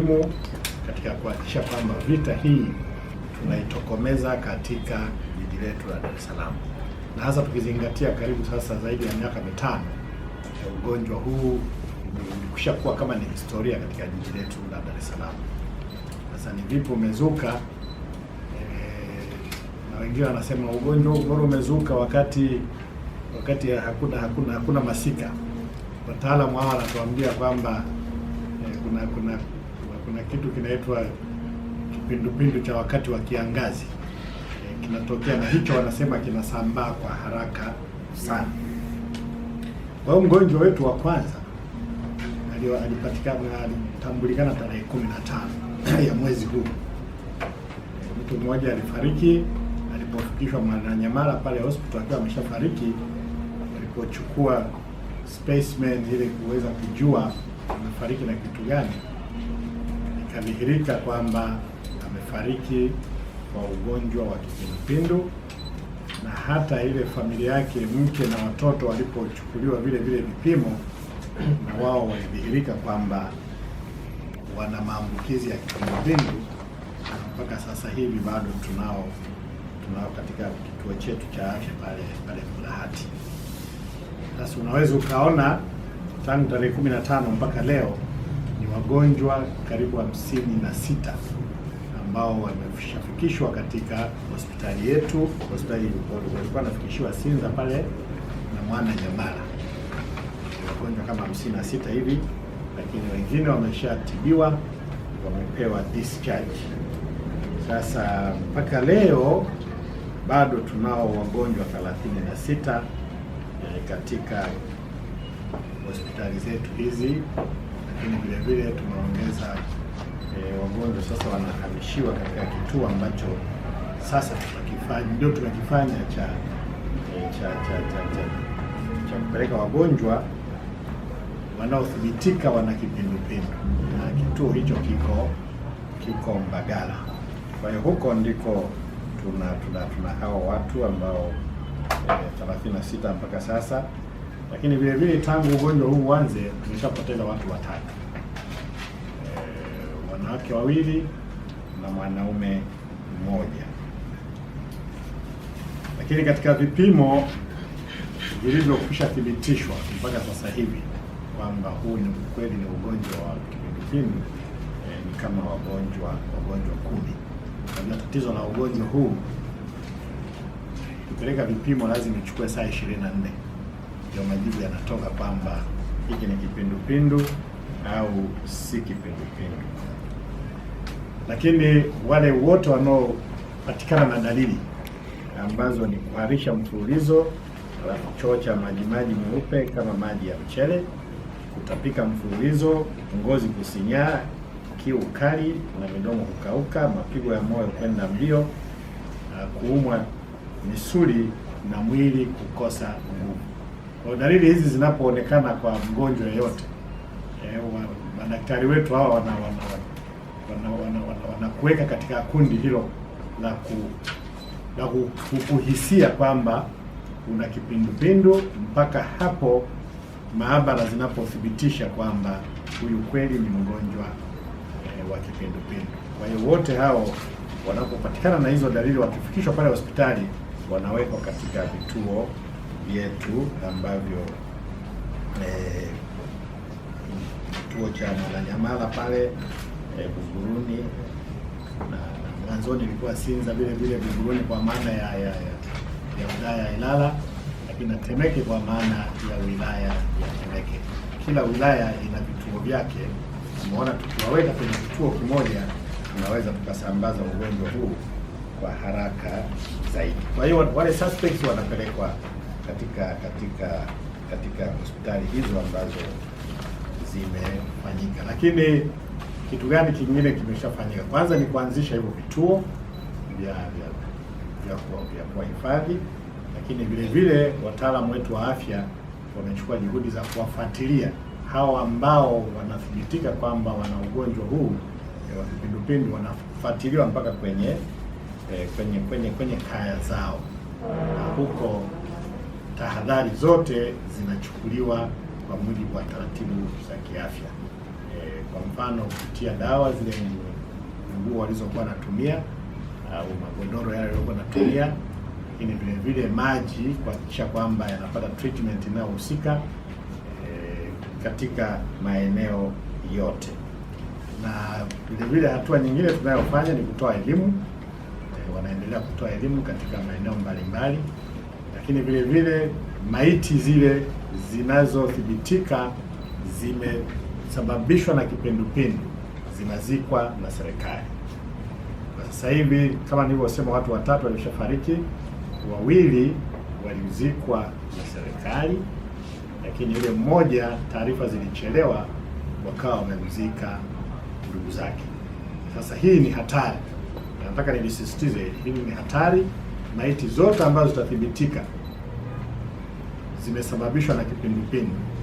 muhimu katika kuhakikisha kwamba vita hii tunaitokomeza katika jiji letu la Dar es Salaam, na hasa tukizingatia karibu sasa zaidi ya miaka mitano ya ugonjwa huu kuwa kama ni historia katika jiji letu la Dar es Salaam. Sasa ni vipi umezuka eh, na wengine wanasema ugonjwa bora umezuka wakati wakati hakuna hakuna hakuna masika. Wataalamu hawa wanatuambia kwamba eh, kuna kuna kuna kitu kinaitwa kipindupindu cha wakati wa kiangazi e, kinatokea na hicho wanasema kinasambaa kwa haraka sana. Kwa hiyo mgonjwa wetu wa kwanza alipatikana, alitambulikana tarehe kumi na tano ya mwezi huu. Mtu mmoja alifariki alipofikishwa Mwananyamala pale hospital akiwa ameshafariki, alipochukua specimen ile kuweza kujua amefariki na kitu gani ikadhihirika kwamba amefariki kwa ugonjwa wa kipindupindu, na hata ile familia yake, mke na watoto, walipochukuliwa vile vile vipimo, na wao walidhihirika kwamba wana maambukizi ya kipindupindu, na mpaka sasa hivi bado tunao tunao katika kituo chetu cha afya pale pale Mburahati. Sasa unaweza ukaona tangu tarehe 15 mpaka leo ni wagonjwa karibu hamsini na sita ambao wameshafikishwa katika hospitali yetu, hospitali walikuwa wanafikishiwa Sinza pale na mwana Nyamala, wagonjwa kama hamsini na sita hivi, lakini wengine wameshatibiwa wamepewa discharge. Sasa mpaka leo bado tunao wagonjwa 36 eh, katika hospitali zetu hizi lakini vile vile tumeongeza e, eh, wagonjwa sasa wanahamishiwa katika kituo ambacho sasa tunakifanya ndio tunakifanya cha e, cha cha cha, cha, cha kupeleka wagonjwa wanaothibitika wana kipindupindu na kituo hicho kiko kiko Mbagala. Kwa hiyo huko ndiko tuna tuna tuna hao watu ambao e, eh, 36 mpaka sasa lakini vile vile tangu ugonjwa huu uanze tumeshapoteza watu watatu, e, wanawake wawili na mwanaume mmoja. Lakini katika vipimo vilivyokwisha thibitishwa mpaka sasa hivi kwamba huu ni kweli ni ugonjwa wa kipindupindu e, ni kama wagonjwa wagonjwa kumi. Kwa tatizo la ugonjwa huu kupeleka vipimo lazima ichukue saa ishirini na nne ndio majibu yanatoka kwamba hiki ni kipindupindu au si kipindupindu. Lakini wale wote wanaopatikana na dalili ambazo ni kuharisha mfululizo, alafu choo cha majimaji meupe kama maji ya mchele, kutapika mfululizo, ngozi kusinyaa, kiu kali na midomo kukauka, mapigo ya moyo kwenda mbio, kuumwa misuli na mwili kukosa nguvu dalili hizi zinapoonekana kwa mgonjwa yeyote, eh, madaktari wetu hawa wana wanakuweka katika kundi hilo la ku la kuhisia kwamba una kipindupindu mpaka hapo maabara zinapothibitisha kwamba huyu kweli ni mgonjwa e, wa kipindupindu. Kwa hiyo wote hao wanapopatikana na hizo dalili, wakifikishwa pale hospitali wanawekwa katika vituo vyetu ambavyo eh, kituo cha Mwananyamala pale vuguruni eh, Buguruni na, na mwanzoni ilikuwa Sinza vile vile Buguruni kwa maana ya, ya, ya, ya wilaya ya Ilala lakini na Temeke kwa maana ya wilaya ya Temeke. Kila wilaya ina vituo vyake. Tumeona tukiwaweka kwenye kituo kimoja tunaweza tukasambaza ugonjwa huu kwa haraka zaidi. Kwa hiyo wale suspects wanapelekwa katika katika katika hospitali hizo ambazo zimefanyika. Lakini kitu gani kingine kimeshafanyika? Kwanza ni kuanzisha hivyo vituo vya vya kuwahifadhi, lakini vile vile wataalamu wetu wa afya wamechukua juhudi za kuwafuatilia hao ambao wanathibitika kwamba wana ugonjwa huu eh, wa kipindupindu, wanafuatiliwa mpaka kwenye eh, kwenye kwenye kwenye kaya zao na huko tahadhari zote zinachukuliwa kwa mujibu wa taratibu za kiafya e, kwa mfano kupitia dawa zile nguo walizokuwa natumia au magodoro yale yaliokuwa natumia, lakini vile vile maji kuhakikisha kwamba yanapata treatment inayohusika e, katika maeneo yote. Na vile vile hatua nyingine tunayofanya ni kutoa elimu e, wanaendelea kutoa elimu katika maeneo mbalimbali lakini vile vile maiti zile zinazothibitika zimesababishwa na kipindupindu zinazikwa na serikali. Kwa sasa hivi kama nilivyosema, watu watatu walishafariki, wawili walizikwa na serikali, lakini yule mmoja taarifa zilichelewa, wakawa wamemzika ndugu zake. Sasa hii ni hatari, nataka nilisisitize hili, hili ni hatari maiti zote ambazo zitathibitika zimesababishwa na kipindupindu